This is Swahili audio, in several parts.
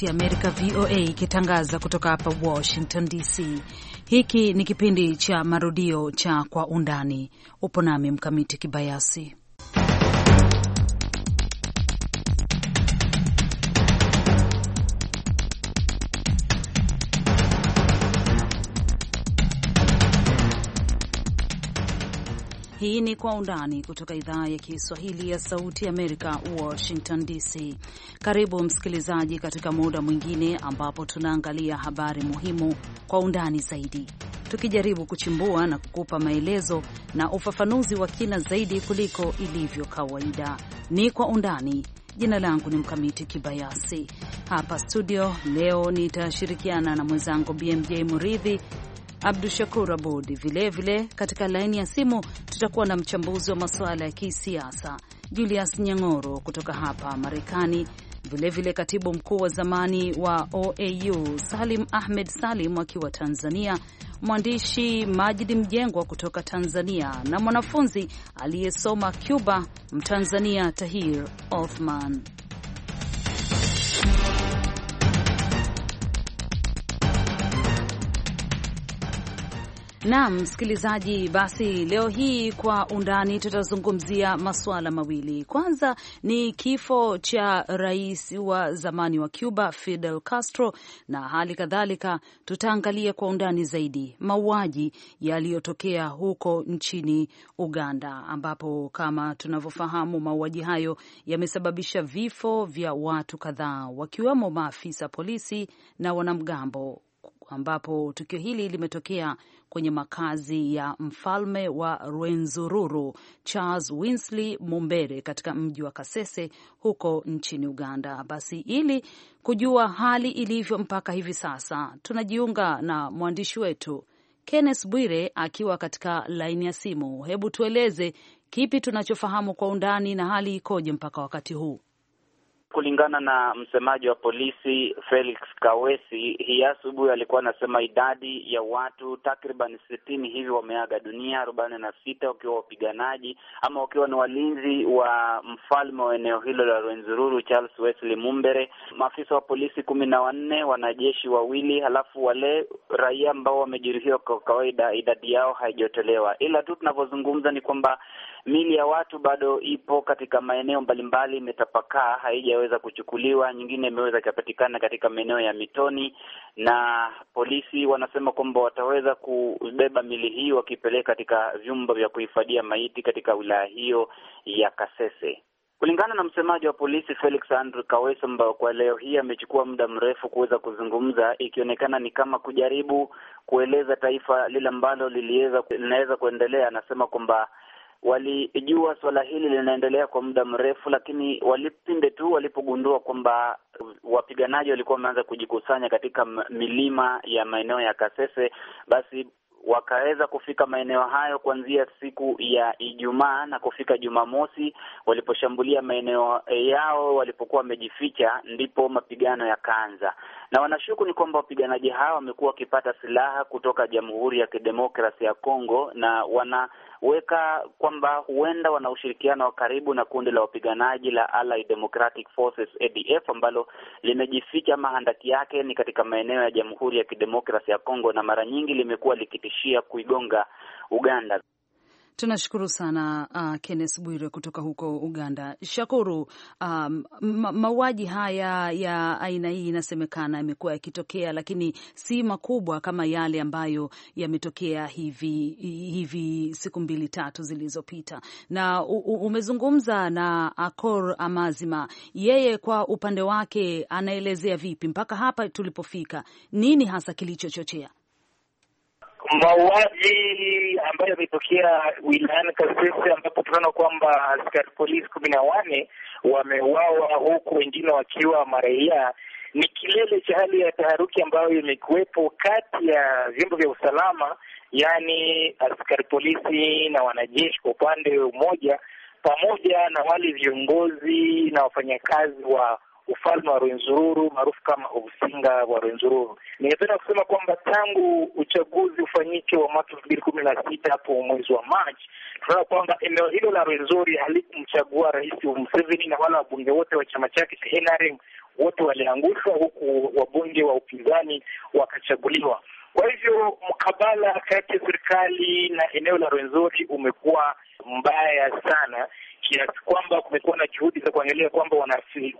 Sauti ya Amerika VOA ikitangaza kutoka hapa Washington DC. Hiki ni kipindi cha marudio cha Kwa Undani. Upo nami Mkamiti Kibayasi. Hii ni Kwa Undani kutoka idhaa ya Kiswahili ya Sauti Amerika, Washington DC. Karibu msikilizaji, katika muda mwingine ambapo tunaangalia habari muhimu kwa undani zaidi, tukijaribu kuchimbua na kukupa maelezo na ufafanuzi wa kina zaidi kuliko ilivyo kawaida. Ni Kwa Undani. Jina langu ni Mkamiti Kibayasi. Hapa studio leo nitashirikiana na mwenzangu BMJ Muridhi Abdu Shakur Abud. Vilevile katika laini ya simu tutakuwa na mchambuzi wa masuala ya kisiasa Julius Nyang'oro kutoka hapa Marekani. Vilevile katibu mkuu wa zamani wa OAU Salim Ahmed Salim akiwa Tanzania, mwandishi Majidi Mjengwa kutoka Tanzania na mwanafunzi aliyesoma Cuba, Mtanzania Tahir Othman. Naam, msikilizaji, basi leo hii kwa undani tutazungumzia masuala mawili. Kwanza ni kifo cha rais wa zamani wa Cuba Fidel Castro, na hali kadhalika tutaangalia kwa undani zaidi mauaji yaliyotokea huko nchini Uganda, ambapo kama tunavyofahamu mauaji hayo yamesababisha vifo vya watu kadhaa, wakiwemo maafisa polisi na wanamgambo ambapo tukio hili limetokea kwenye makazi ya mfalme wa Rwenzururu Charles Winsley Mumbere katika mji wa Kasese huko nchini Uganda. Basi ili kujua hali ilivyo mpaka hivi sasa, tunajiunga na mwandishi wetu Kenneth Bwire akiwa katika laini ya simu. Hebu tueleze kipi tunachofahamu kwa undani na hali ikoje mpaka wakati huu? Kulingana na msemaji wa polisi Felix Kawesi, hii asubuhi alikuwa anasema idadi ya watu takriban sitini hivi wameaga dunia, arobaini na sita wakiwa wapiganaji ama wakiwa ni walinzi wa mfalme wa eneo hilo la Rwenzururu Charles Wesley Mumbere, maafisa wa polisi kumi na wanne, wanajeshi wawili, halafu wale raia ambao wamejeruhiwa, kwa kawaida idadi yao haijotolewa ila tu tunavyozungumza ni kwamba Mili ya watu bado ipo katika maeneo mbalimbali, imetapakaa, haijaweza kuchukuliwa. Nyingine imeweza ikapatikana katika maeneo ya mitoni, na polisi wanasema kwamba wataweza kubeba mili hii wakipeleka katika vyumba vya kuhifadhia maiti katika wilaya hiyo ya Kasese. Kulingana na msemaji wa polisi Felix Andrew Kaweso, ambayo kwa leo hii amechukua muda mrefu kuweza kuzungumza, ikionekana ni kama kujaribu kueleza taifa lile ambalo liliweza linaweza kuendelea, anasema kwamba walijua suala hili linaendelea kwa muda mrefu, lakini walipinde tu walipogundua kwamba wapiganaji walikuwa wameanza kujikusanya katika milima ya maeneo ya Kasese, basi wakaweza kufika maeneo hayo kuanzia siku ya Ijumaa na kufika Jumamosi, waliposhambulia maeneo yao walipokuwa wamejificha, ndipo mapigano yakaanza. Na wanashuku ni kwamba wapiganaji hao wamekuwa wakipata silaha kutoka Jamhuri ya kidemokrasi ya Kongo na wana weka kwamba huenda wana ushirikiano wa karibu na kundi la wapiganaji la Allied Democratic Forces ADF ambalo limejificha mahandaki yake ni katika maeneo ya Jamhuri ya Kidemokrasia ya Kongo na mara nyingi limekuwa likitishia kuigonga Uganda. Tunashukuru sana uh, Kenneth Bwire kutoka huko Uganda. Shakuru, um, mauaji haya ya aina hii inasemekana yamekuwa yakitokea, lakini si makubwa kama yale ambayo yametokea hivi, hivi siku mbili tatu zilizopita, na umezungumza na Akor Amazima, yeye kwa upande wake anaelezea vipi mpaka hapa tulipofika, nini hasa kilichochochea mauaji ambayo yametokea wilayani Kasese ambapo tunaona kwamba askari polisi kumi na wane wameuawa huku wengine wakiwa maraia ni kilele cha hali ya taharuki ambayo imekuwepo kati ya vyombo vya usalama, yaani askari polisi na wanajeshi kwa upande mmoja, pamoja na wale viongozi na wafanyakazi wa ufalme wa Rwenzururu maarufu kama Obusinga wa Rwenzururu. Ningependa kusema kwamba tangu uchaguzi ufanyike wa mwaka elfu mbili kumi na sita hapo mwezi wa Machi, tunaona kwamba eneo hilo la Rwenzori halikumchagua Rais Museveni na wala wabunge wote wa chama chake cha NRM wote waliangushwa, huku wabunge wa upinzani wakachaguliwa. Kwa hivyo mkabala kati ya serikali na eneo la Rwenzori umekuwa mbaya sana, kiasi kwamba kumekuwa na juhudi za kuangalia kwamba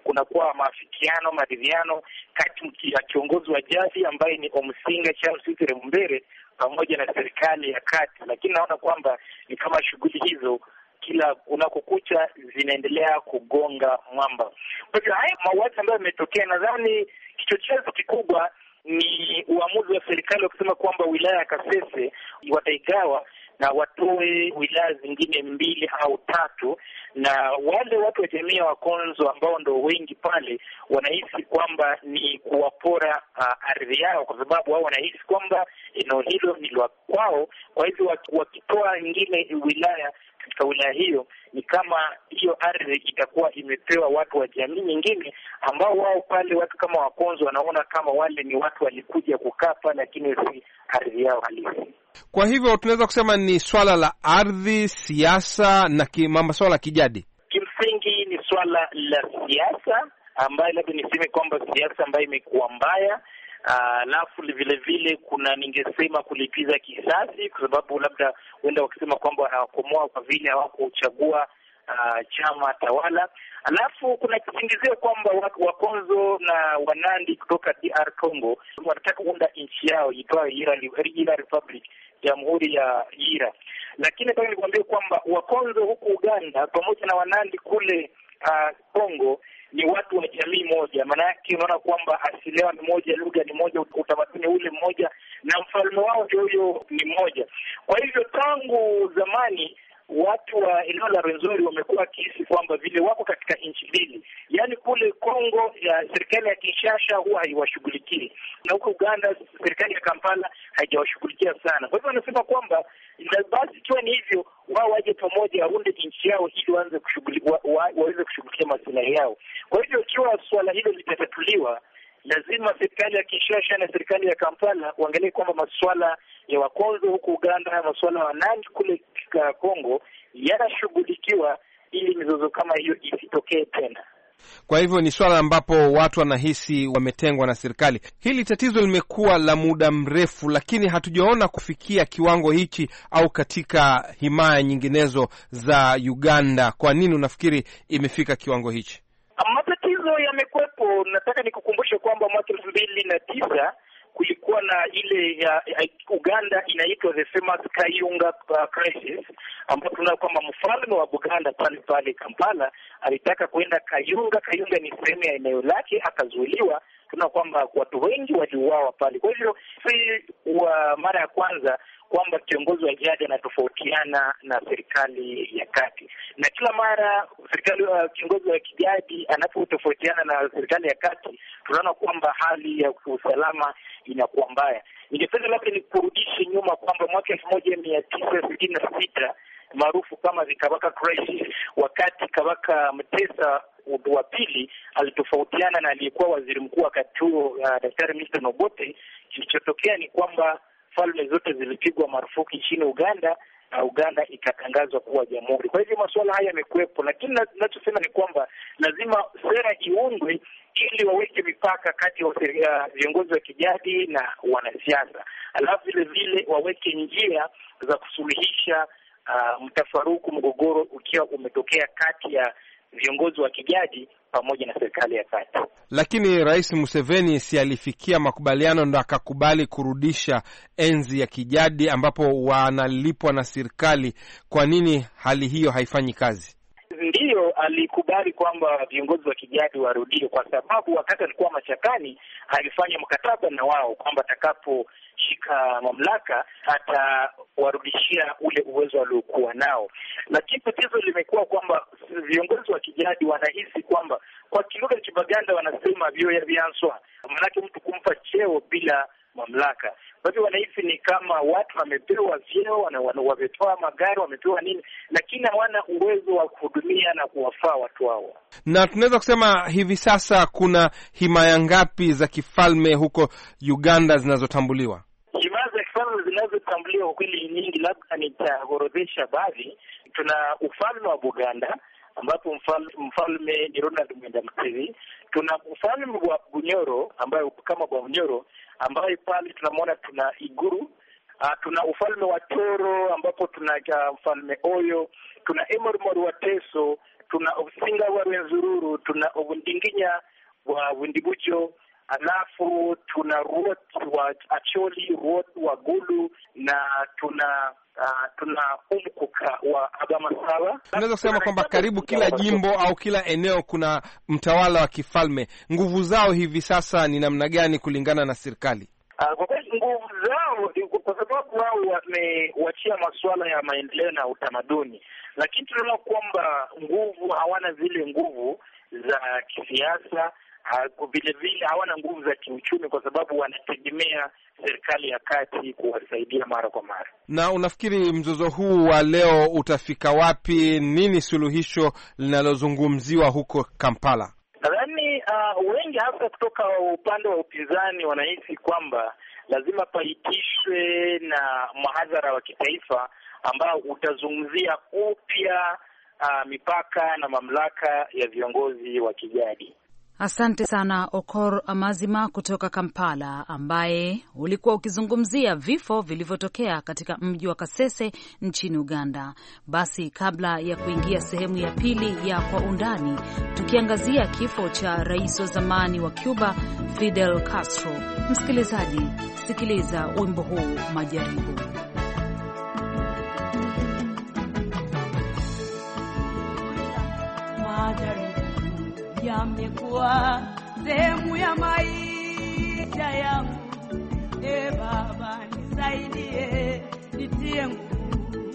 kunakuwa maafikiano, maridhiano kati ya kiongozi wa jadi ambaye ni Omsinga Charles Witire Mumbere pamoja na serikali ya kati, lakini naona kwamba ni kama shughuli hizo kila unakokucha zinaendelea kugonga mwamba. Kwa hivyo haya mauaji ambayo yametokea, nadhani kichocheo kikubwa ni uamuzi wa serikali wa kusema kwamba wilaya ya Kasese wataigawa na watoe wilaya zingine mbili au tatu, na wale watu wa jamii ya Wakonzo ambao ndo wengi pale wanahisi kwamba ni kuwapora uh, ardhi yao, kwa sababu wao wanahisi kwamba eneo hilo ni la kwao. Kwa hivyo wakitoa ingine wilaya katika wilaya hiyo ni kama hiyo ardhi itakuwa imepewa watu wa jamii nyingine, ambao wao pale watu kama Wakonzo wanaona kama wale ni watu walikuja kukaa pale, lakini si ardhi yao halisi. Kwa hivyo tunaweza kusema ni swala la ardhi, siasa na masuala ya kijadi. Kimsingi ni swala la siasa ambayo labda niseme kwamba siasa ambayo imekuwa mbaya ah, alafu vile vile kuna ningesema kulipiza kisasi, kwa sababu labda huenda wakisema kwamba wanawakomoa kwa vile hawakuchagua uh, chama tawala. Alafu kuna kisingizio kwamba Wakonzo na Wanandi kutoka DR Congo wanataka kuunda nchi yao itwayo Ira Republic, jamhuri ya Ira. Lakini pale nikuambia kwamba Wakonzo huku Uganda pamoja na Wanandi kule uh, Congo uh, ni watu wa jamii moja. Maana yake unaona kwamba asili yao ni moja, lugha ni moja, utamaduni ule mmoja, na mfalme wao ndio huyo ni mmoja. Kwa hivyo tangu zamani watu wa eneo la Rwenzori wamekuwa wakihisi kwamba vile wako katika nchi mbili, yaani kule Kongo ya serikali ya kishasha huwa haiwashughulikii na huko Uganda serikali ya Kampala haijawashughulikia sana. Kwa hivyo wanasema kwamba basi, ikiwa ni hivyo, wao waje pamoja, waunde nchi yao ili waanze waweze kushughulikia masilahi yao. Kwa hivyo ikiwa suala hilo litatatuliwa lazima serikali ya Kinshasa na serikali ya Kampala waangalie kwamba masuala ya wakonzo huku Uganda na masuala ya nani kule Kongo yanashughulikiwa ili mizozo kama hiyo isitokee tena. Kwa hivyo ni swala ambapo watu wanahisi wametengwa na serikali. Hili tatizo limekuwa la muda mrefu, lakini hatujaona kufikia kiwango hichi au katika himaya nyinginezo za Uganda. Kwa nini unafikiri imefika kiwango hichi? yamekwepo. Nataka nikukumbushe kwamba mwaka elfu mbili na tisa kulikuwa na ile ya, ya Uganda inaitwa the famous Kayunga uh, crisis ambapo tunaona kwamba mfalme wa Buganda pale pale Kampala alitaka kuenda Kayunga. Kayunga ni sehemu ya eneo lake, akazuiliwa. Tunaona kwamba watu wengi waliuawa pale. Kwa hivyo si wa mara ya kwanza kwamba kiongozi wa jadi anatofautiana na serikali ya kati, na kila mara serikali wa uh, kiongozi wa kijadi anapotofautiana na serikali ya kati, tunaona kwamba hali ya usalama inakuwa mbaya. Ningependa labda nikurudishe nyuma kwamba mwaka elfu moja mia tisa sitini na sita maarufu kama the Kabaka crisis, wakati Kabaka Mtesa wa pili alitofautiana na aliyekuwa waziri mkuu wakati huo, uh, Daktari Milton Obote, kilichotokea ni kwamba falme zote zilipigwa marufuku nchini Uganda na Uganda ikatangazwa kuwa jamhuri. Kwa hivyo masuala haya yamekuwepo, lakini ninachosema ni kwamba lazima sera iundwe ili waweke mipaka kati ya viongozi wa kijadi na wanasiasa, alafu vile vile waweke njia za kusuluhisha uh, mtafaruku, mgogoro ukiwa umetokea kati ya viongozi wa kijadi pamoja na serikali ya kati. Lakini Rais Museveni si alifikia makubaliano ndo akakubali kurudisha enzi ya kijadi ambapo wanalipwa na serikali. Kwa nini hali hiyo haifanyi kazi? Ndiyo, alikubali kwamba viongozi wa kijadi warudie, kwa sababu wakati alikuwa mashakani alifanya mkataba na wao kwamba atakaposhika mamlaka atawarudishia ule uwezo waliokuwa nao, lakini tatizo limekuwa kwamba viongozi wa kijadi wanahisi kwamba, kwa kilugha cha Kibaganda wanasema vyoya vyanswa, maanake mtu kumpa cheo bila mamlaka. Kwa hivyo wanahisi ni kama watu wamepewa vyeo, wametoa magari, wamepewa nini, lakini hawana uwezo wa kuhudumia na kuwafaa watu hao. Na tunaweza kusema hivi sasa kuna himaya ngapi za kifalme huko Uganda zinazotambuliwa? Himaya za kifalme zinazotambuliwa kwa kweli nyingi, labda nitaorodhesha baadhi. Tuna ufalme wa Buganda ambapo mfalme, ni Ronald Mwenda Mtezi. Tuna ufalme wa Bunyoro ambayo kama Bwa Bunyoro ambaye pale tunamwona tuna Iguru Uh, tuna ufalme wa Toro ambapo tuna uh, mfalme Oyo, tuna Emormori wa Teso, tuna Obusinga wa Rwenzururu, tuna Obundinginya wa Windibujo, alafu tuna Ruot wa Acholi, Ruot wa Gulu na tuna Ah, tuna umkuka wa Sala. Unaweza kusema kwamba karibu kila jimbo au kila eneo kuna mtawala wa kifalme. Nguvu zao hivi sasa ni namna gani kulingana na serikali? Ah, kwa kweli nguvu zao kwa sababu wao wamewachia masuala ya maendeleo na utamaduni, lakini tunaona kwamba nguvu hawana zile nguvu za kisiasa vile vile hawana nguvu za kiuchumi, kwa sababu wanategemea serikali ya kati kuwasaidia mara kwa mara. Na unafikiri mzozo huu wa leo utafika wapi? Nini suluhisho linalozungumziwa huko Kampala? Nadhani uh, wengi hasa kutoka upande wa upinzani wanahisi kwamba lazima paitishwe na mhadhara wa kitaifa ambao utazungumzia upya uh, mipaka na mamlaka ya viongozi wa kijadi. Asante sana Okor Amazima kutoka Kampala, ambaye ulikuwa ukizungumzia vifo vilivyotokea katika mji wa Kasese nchini Uganda. Basi kabla ya kuingia sehemu ya pili ya Kwa Undani, tukiangazia kifo cha rais wa zamani wa Cuba Fidel Castro, msikilizaji, sikiliza wimbo huu Majaribu. yamekuwa sehemu ya maisha yangu. E Baba, nisaidie, nitie nguvu,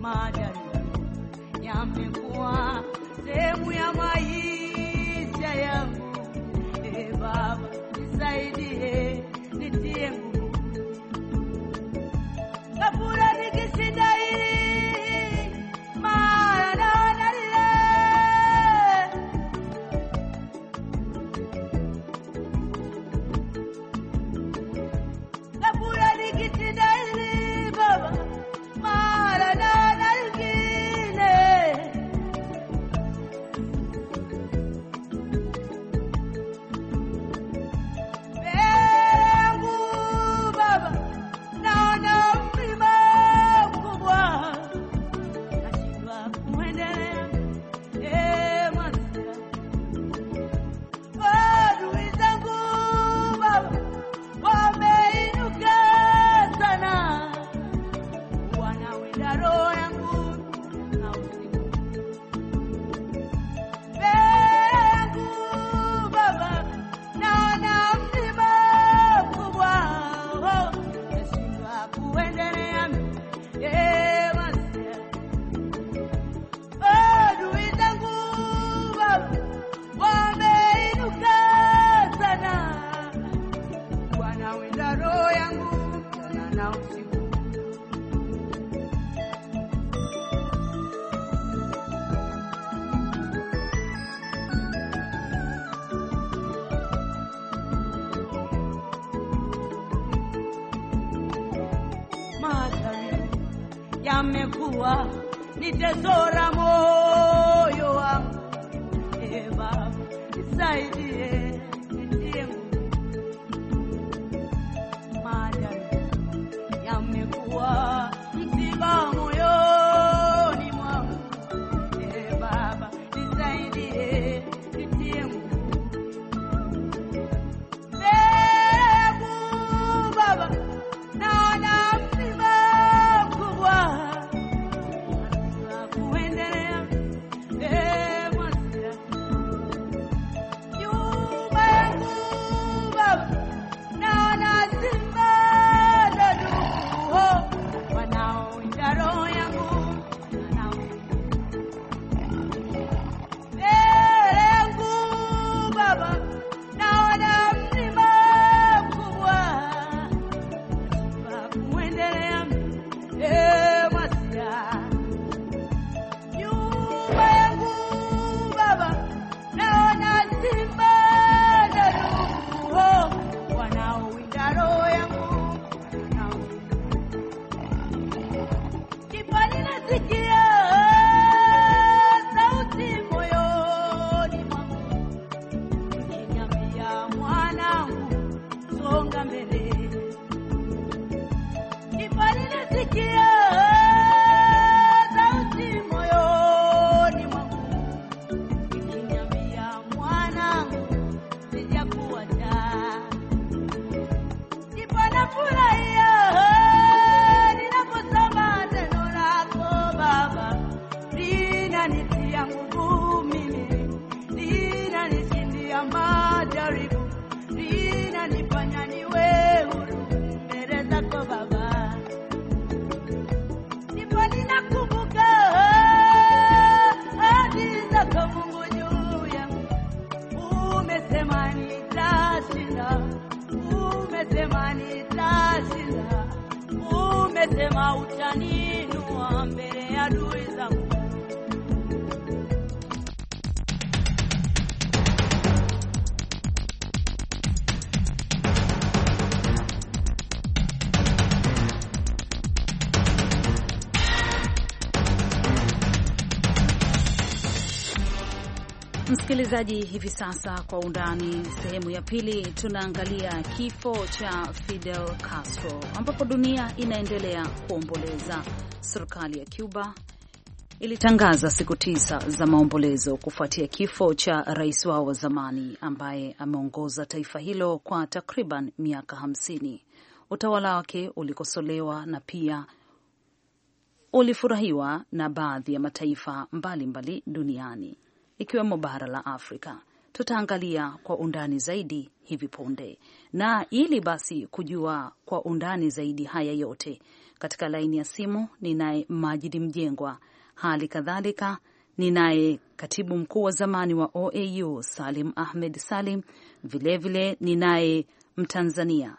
majaribu yamekuwa sehemu ya maisha yangu. E Baba, nisaidie, nitie nguvu amekuwa, tesora moyo wangu, Eva nisaidie 出来呀！Sema utani Msikilizaji, hivi sasa kwa undani, sehemu ya pili, tunaangalia kifo cha Fidel Castro ambapo dunia inaendelea kuomboleza. Serikali ya Cuba ilitangaza siku tisa za maombolezo kufuatia kifo cha rais wao wa zamani ambaye ameongoza taifa hilo kwa takriban miaka hamsini. Utawala wake ulikosolewa na pia ulifurahiwa na baadhi ya mataifa mbalimbali mbali duniani ikiwemo bara la Afrika. Tutaangalia kwa undani zaidi hivi punde, na ili basi kujua kwa undani zaidi haya yote, katika laini ya simu ninaye Majidi Mjengwa, hali kadhalika ninaye katibu mkuu wa zamani wa OAU Salim Ahmed Salim, vilevile ninaye Mtanzania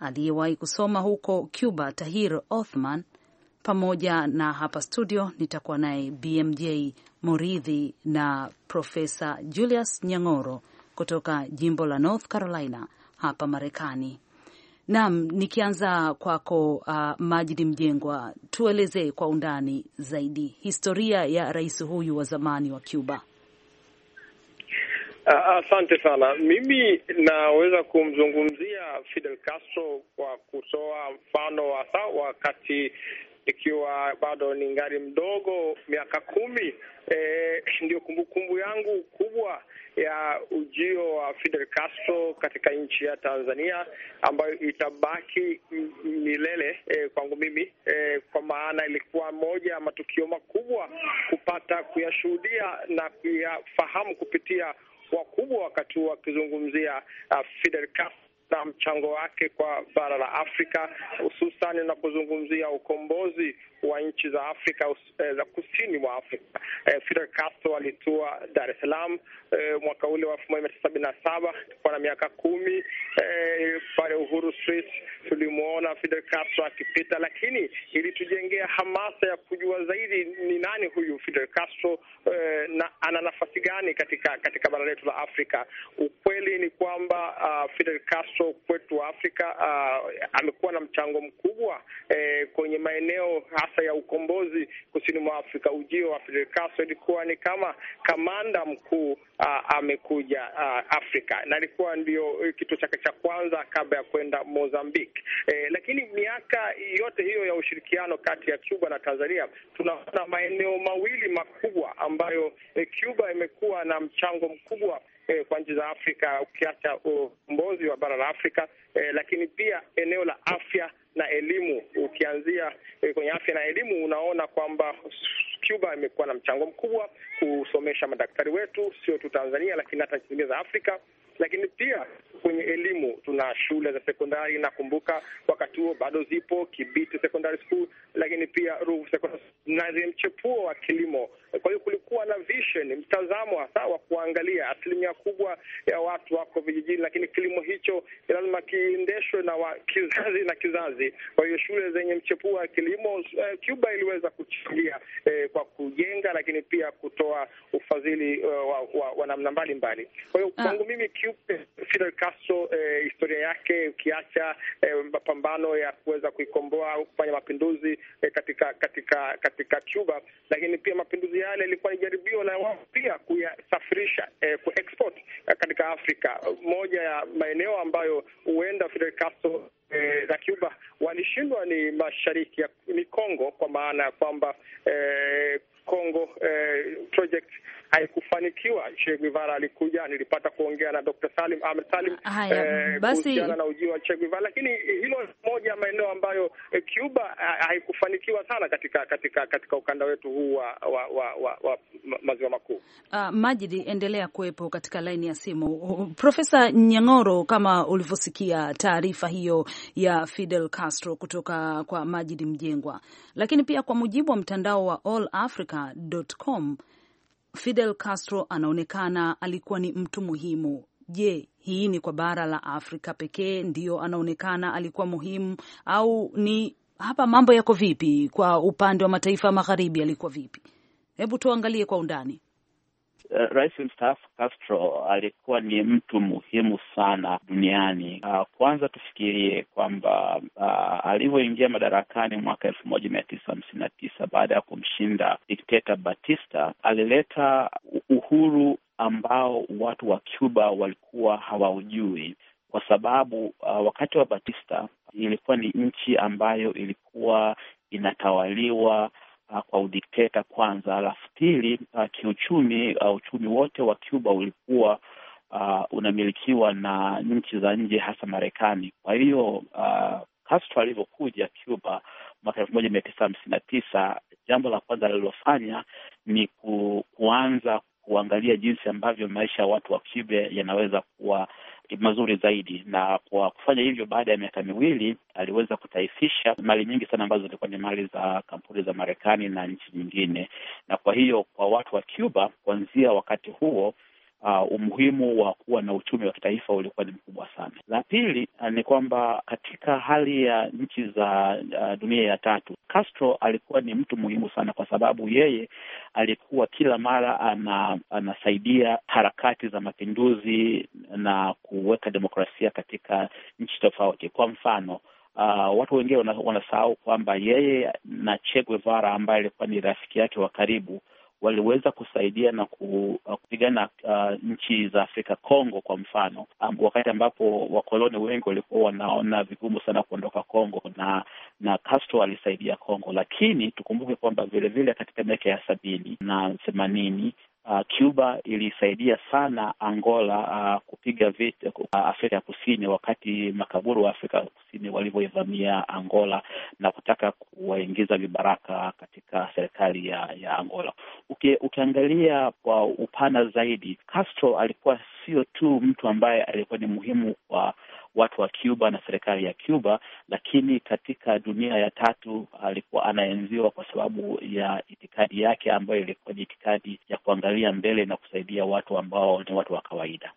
aliyewahi kusoma huko Cuba Tahir Othman, pamoja na hapa studio nitakuwa naye BMJ Muridhi na Profesa Julius Nyang'oro kutoka jimbo la North Carolina hapa Marekani. Naam, nikianza kwako uh, Majidi Mjengwa, tuelezee kwa undani zaidi historia ya rais huyu wa zamani wa Cuba. Ah, asante sana. Mimi naweza kumzungumzia Fidel Castro kwa kutoa mfano hasa wakati ikiwa bado ni ngari mdogo miaka kumi. E, ndiyo kumbukumbu yangu kubwa ya ujio wa Fidel Castro katika nchi ya Tanzania ambayo itabaki milele e, kwangu mimi e, kwa maana ilikuwa moja ya matukio makubwa kupata kuyashuhudia na kuyafahamu kupitia wakubwa wakati wakizungumzia uh, Fidel Castro na mchango wake kwa bara la Afrika, hususan unapozungumzia ukombozi wa nchi za Afrika eh, za kusini mwa Afrika. E, Fidel Castro alitua Dar es Salaam e, mwaka ule wa elfu moja mia tisa sabini na saba kwa na miaka kumi pale Uhuru Street tulimwona Fidel Castro akipita, lakini ilitujengea hamasa ya kujua zaidi ni nani huyu Fidel Castro e, na ana nafasi gani katika katika bara letu la Afrika. Ukweli ni kwamba uh, Fidel Castro hasa kwetu Afrika uh, amekuwa na mchango mkubwa eh, kwenye maeneo hasa ya ukombozi kusini mwa Afrika. Ujio wa Fidel Castro ilikuwa ni kama kamanda mkuu uh, amekuja uh, Afrika na alikuwa ndio eh, kituo chake cha kwanza kabla ya kwenda Mozambique. Eh, lakini miaka yote hiyo ya ushirikiano kati ya Cuba na Tanzania tunaona maeneo mawili makubwa ambayo eh, Cuba imekuwa na mchango mkubwa eh, kwa nchi za Afrika ukiacha ukombozi wa bara la Afrika eh, lakini pia eneo la afya na elimu. Ukianzia eh, kwenye afya na elimu, unaona kwamba Cuba imekuwa na mchango mkubwa kusomesha madaktari wetu, sio tu Tanzania, lakini hata nchi zingine za Afrika lakini pia kwenye elimu tuna shule za sekondari. Nakumbuka wakati huo bado zipo Kibiti Secondary School, lakini pia Ruvu Secondary na mchepuo wa kilimo kwa hiyo kulikuwa na vision, mtazamo hasa wa kuangalia. Asilimia kubwa ya watu wako vijijini, lakini kilimo hicho lazima kiendeshwe na wa, kizazi na kizazi. Kwa hiyo shule zenye mchepuo wa kilimo eh, Cuba iliweza kuchangia eh, kwa kujenga, lakini pia kutoa ufadhili eh, wa, wa, wa namna mbalimbali. Kwa hiyo ah. kwangu mimi Cuba Castro eh, historia yake ukiacha eh, mapambano ya kuweza kuikomboa au kufanya mapinduzi eh, katika katika katika Cuba, lakini pia mapinduzi yale yalikuwa ni jaribio la wao pia kuyasafirisha eh, kuexport eh, katika Afrika, moja ya maeneo ambayo huenda Fidel Castro e, za Cuba walishindwa ni mashariki ya ni congo kwa maana ya kwamba e, eh, Kongo eh, project haikufanikiwa. Che Guevara alikuja, nilipata kuongea na Dr. Salim Ahmed Salim ah, eh, kuhusiana na ujio wa Che Guevara, lakini hilo moja ya maeneo ambayo eh, Cuba haikufanikiwa sana katika katika katika ukanda wetu huu wa, wa, wa, wa, wa maziwa makuu. Uh, Majidi, endelea kuwepo katika laini ya simu. Profesa Nyang'oro, kama ulivyosikia taarifa hiyo ya Fidel Castro kutoka kwa Majid Mjengwa. Lakini pia kwa mujibu wa mtandao wa allafrica.com Fidel Castro anaonekana alikuwa ni mtu muhimu. Je, hii ni kwa bara la Afrika pekee ndiyo anaonekana alikuwa muhimu, au ni hapa mambo yako vipi? Kwa upande wa mataifa magharibi alikuwa vipi? Hebu tuangalie kwa undani. Eh, Rais mstaafu Castro alikuwa ni mtu muhimu sana duniani. Uh, kwanza tufikirie kwamba uh, alivyoingia madarakani mwaka elfu moja mia tisa hamsini na tisa baada ya kumshinda dikteta Batista, alileta uhuru ambao watu wa Cuba walikuwa hawaujui kwa sababu uh, wakati wa Batista ilikuwa ni nchi ambayo ilikuwa inatawaliwa uh, kwa udikteta kwanza, alafu pili uh, kiuchumi uh, uchumi wote wa Cuba ulikuwa uh, unamilikiwa na nchi za nje hasa Marekani. Kwa hiyo uh, Castro alivyokuja Cuba mwaka elfu moja mia tisa hamsini na tisa, jambo la kwanza alilofanya ni ku, kuanza kuangalia jinsi ambavyo maisha ya watu wa Cuba yanaweza kuwa mazuri zaidi, na kwa kufanya hivyo, baada ya miaka miwili aliweza kutaifisha mali nyingi sana ambazo zilikuwa ni mali za kampuni za Marekani na nchi nyingine, na kwa hiyo kwa watu wa Cuba kuanzia wakati huo uh, umuhimu wa kuwa na uchumi wa kitaifa ulikuwa ni mkubwa sana. La pili uh, ni kwamba katika hali ya nchi za uh, dunia ya tatu, Castro alikuwa ni mtu muhimu sana, kwa sababu yeye alikuwa kila mara ana, anasaidia harakati za mapinduzi na kuweka demokrasia katika nchi tofauti. Kwa mfano Uh, watu wengine wanasahau kwamba yeye na Che Guevara ambaye alikuwa ni rafiki yake wa karibu waliweza kusaidia na uh, kupigana uh, nchi za Afrika, Kongo kwa mfano, um, wakati ambapo wakoloni wengi walikuwa wanaona vigumu sana kuondoka Kongo na na Castro alisaidia Kongo, lakini tukumbuke kwamba vilevile katika miaka ya sabini na themanini Uh, Cuba ilisaidia sana Angola uh, kupiga vita uh, Afrika ya Kusini wakati makaburu wa Afrika ya Kusini walivyoivamia Angola, na kutaka kuwaingiza vibaraka katika serikali ya, ya Angola. ukiangalia kwa upana zaidi, Castro alikuwa sio tu mtu ambaye alikuwa ni muhimu kwa watu wa Cuba na serikali ya Cuba, lakini katika dunia ya tatu alikuwa anaenziwa kwa sababu ya itikadi yake ambayo ilikuwa ni itikadi ya kuangalia mbele na kusaidia watu ambao ni watu wa kawaida.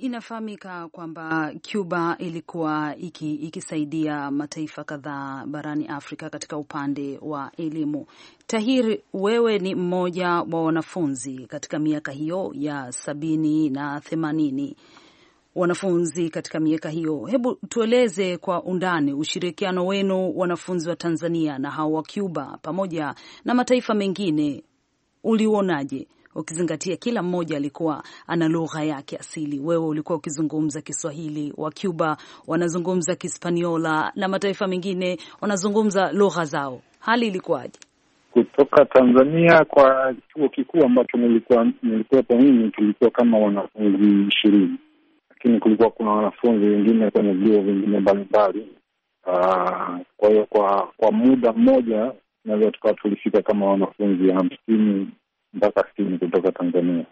Inafahamika kwamba Cuba ilikuwa iki, ikisaidia mataifa kadhaa barani Afrika katika upande wa elimu. Tahir, wewe ni mmoja wa wanafunzi katika miaka hiyo ya sabini na themanini, wanafunzi katika miaka hiyo. Hebu tueleze kwa undani ushirikiano wenu wanafunzi wa Tanzania na hao wa Cuba pamoja na mataifa mengine uliuonaje? ukizingatia kila mmoja alikuwa ana lugha yake asili. Wewe ulikuwa ukizungumza Kiswahili, wa Cuba wanazungumza Kispaniola na mataifa mengine wanazungumza lugha zao. Hali ilikuwaje? Kutoka Tanzania kwa chuo kikuu ambacho nilikuwa nilikuwepo mimi, tulikuwa kama wanafunzi ishirini, lakini kulikuwa kuna wanafunzi wengine kwenye vyuo vingine mbalimbali. Ah, kwa hiyo kwa kwa muda mmoja tunaweza tukawa tulifika kama wanafunzi hamsini mpaka sitini kutoka Tanzania,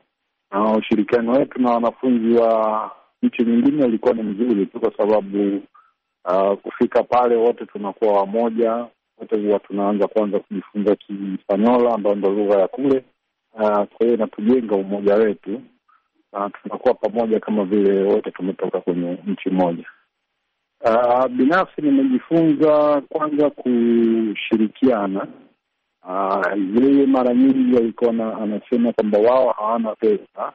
na ushirikiano wetu na wanafunzi wa nchi nyingine ulikuwa ni mzuri tu, kwa sababu uh, kufika pale wote tunakuwa wamoja, wote huwa tunaanza kwanza kujifunza Kispanyola ambayo ndo lugha ya kule uh, kwa hiyo inatujenga umoja wetu na uh, tunakuwa pamoja kama vile wote tumetoka kwenye nchi moja. Uh, binafsi nimejifunza kwanza kushirikiana Ah, yeye mara nyingi alikuwa anasema kwamba wao hawana pesa,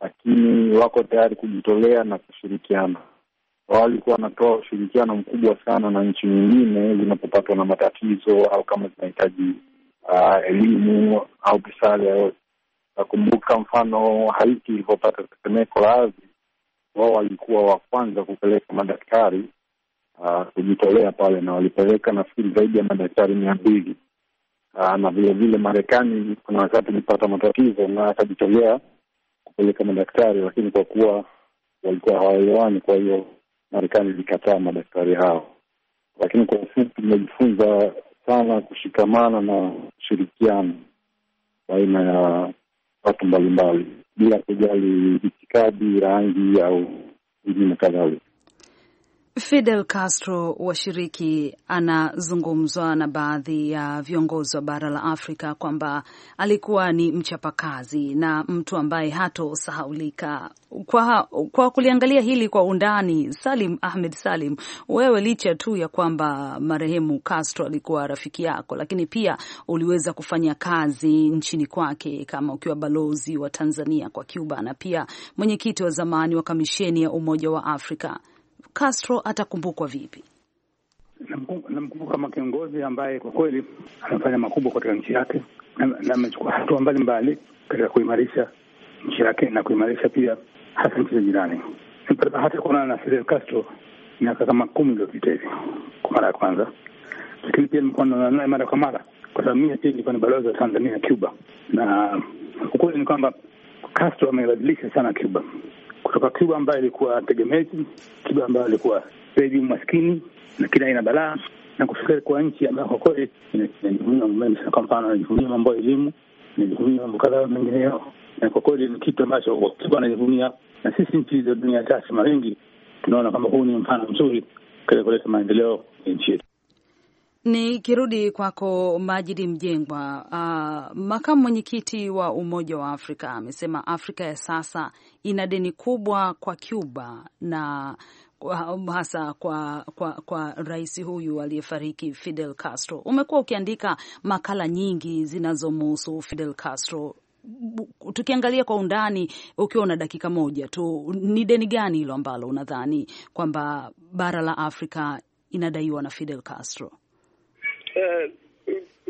lakini wako tayari kujitolea na kushirikiana. Wao walikuwa wanatoa ushirikiano mkubwa sana na nchi nyingine zinapopatwa na matatizo au kama zinahitaji uh, elimu au misaada yoyote. Nakumbuka mfano Haiti ilipopata tetemeko la ardhi, wao walikuwa wa kwanza kupeleka madaktari uh, kujitolea pale, na walipeleka nafikiri zaidi ya madaktari mia mbili Ah, na vilevile Marekani kuna wakati ilipata matatizo na akajitolea kupeleka madaktari, lakini kwa kuwa walikuwa hawaelewani, kwa hiyo Marekani ilikataa madaktari hao. Lakini kwa ufupi, tumejifunza sana kushikamana na ushirikiano baina ya watu mbalimbali bila kujali itikadi, rangi au dini na kadhalika. Fidel Castro washiriki, anazungumzwa na baadhi ya viongozi wa bara la Afrika kwamba alikuwa ni mchapakazi na mtu ambaye hatosahaulika. Kwa, kwa kuliangalia hili kwa undani, Salim Ahmed Salim, wewe licha tu ya kwamba marehemu Castro alikuwa rafiki yako, lakini pia uliweza kufanya kazi nchini kwake kama ukiwa balozi wa Tanzania kwa Cuba na pia mwenyekiti wa zamani wa kamisheni ya Umoja wa Afrika. Castro atakumbukwa vipi? Namkumbuka kama kiongozi ambaye kwa kweli amefanya makubwa katika nchi yake na amechukua hatua mbalimbali katika kuimarisha nchi yake na kuimarisha pia hasa nchi za jirani. hata ya kuonana na Fidel Castro miaka kama kumi iliyopita hivi kwa mara ya kwanza, lakini pia nimekuwa naonana naye mara kwa mara kwa sababu mimi ilikuwa ni balozi wa Tanzania Cuba, na ukweli ni kwamba Castro amebadilisha sana Cuba kutoka Cuba ambayo ilikuwa tegemezi, Cuba ambayo ilikuwa zaidi maskini na kila aina balaa, na kufikiri kwa nchi ambayo kwa kweli inajivunia mambo mengi sana. Kwa mfano, inajivunia mambo ya elimu, inajivunia mambo kadhaa mengineyo, na kwa kweli ni kitu ambacho Wacuba anajivunia na sisi nchi za dunia tatu mara nyingi tunaona kwamba huu ni mfano mzuri katika kuleta maendeleo nchi yetu. Nikirudi kwako Majidi Mjengwa, uh, makamu mwenyekiti wa Umoja wa Afrika amesema Afrika ya sasa ina deni kubwa kwa Cuba na hasa kwa, kwa, kwa rais huyu aliyefariki Fidel Castro. Umekuwa ukiandika makala nyingi zinazomuhusu Fidel Castro. Tukiangalia kwa undani, ukiwa na dakika moja tu, ni deni gani hilo ambalo unadhani kwamba bara la Afrika inadaiwa na Fidel Castro? Uh,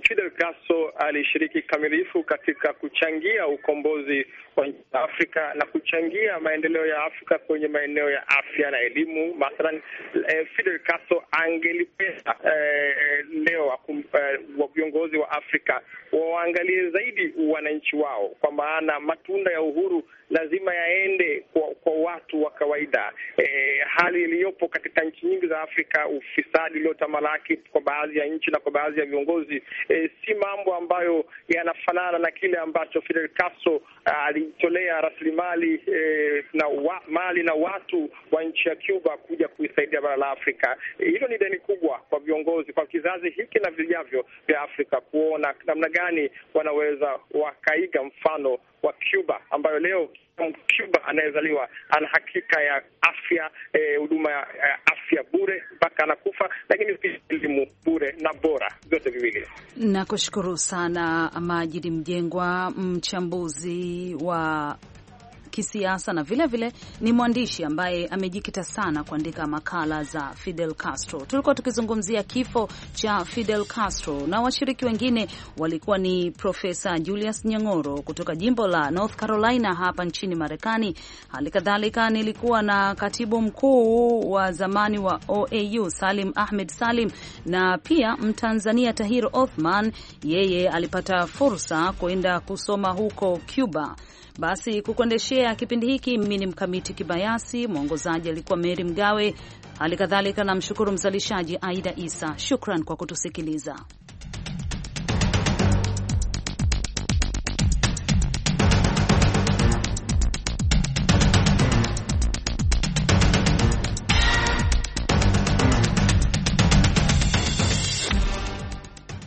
Fidel Castro alishiriki kamilifu katika kuchangia ukombozi wa Afrika na kuchangia maendeleo ya Afrika kwenye maeneo ya afya na elimu. Mathalan, eh, Fidel Castro angelipenda eh, leo eh, wa viongozi wa Afrika wawaangalie zaidi wananchi wao, kwa maana matunda ya uhuru lazima yaende kwa, kwa watu wa kawaida. E, hali iliyopo katika nchi nyingi za Afrika, ufisadi uliotamalaki kwa baadhi ya nchi na kwa baadhi ya viongozi e, si mambo ambayo yanafanana na kile ambacho Fidel Castro alitolea rasilimali e, na wa, mali na watu wa nchi ya Cuba kuja kuisaidia bara la Afrika. E, hilo ni deni kubwa kwa viongozi, kwa kizazi hiki na vijavyo vya Afrika, kuona namna gani wanaweza wakaiga mfano wa Cuba ambayo leo Cuba anayezaliwa ana hakika ya afya, eh, huduma eh, ya afya bure mpaka anakufa, lakini elimu bure na bora, vyote viwili. Nakushukuru sana Majidi Mjengwa, mchambuzi wa kisiasa na vilevile vile, ni mwandishi ambaye amejikita sana kuandika makala za Fidel Castro. Tulikuwa tukizungumzia kifo cha Fidel Castro na washiriki wengine walikuwa ni Profesa Julius Nyang'oro kutoka jimbo la North Carolina hapa nchini Marekani. Hali kadhalika nilikuwa na katibu mkuu wa zamani wa OAU Salim Ahmed Salim na pia Mtanzania Tahir Othman, yeye alipata fursa kwenda kusoma huko Cuba basi kukuendeshea kipindi hiki mimi ni Mkamiti Kibayasi, mwongozaji alikuwa Meri Mgawe, hali kadhalika namshukuru mzalishaji Aida Isa. Shukran kwa kutusikiliza.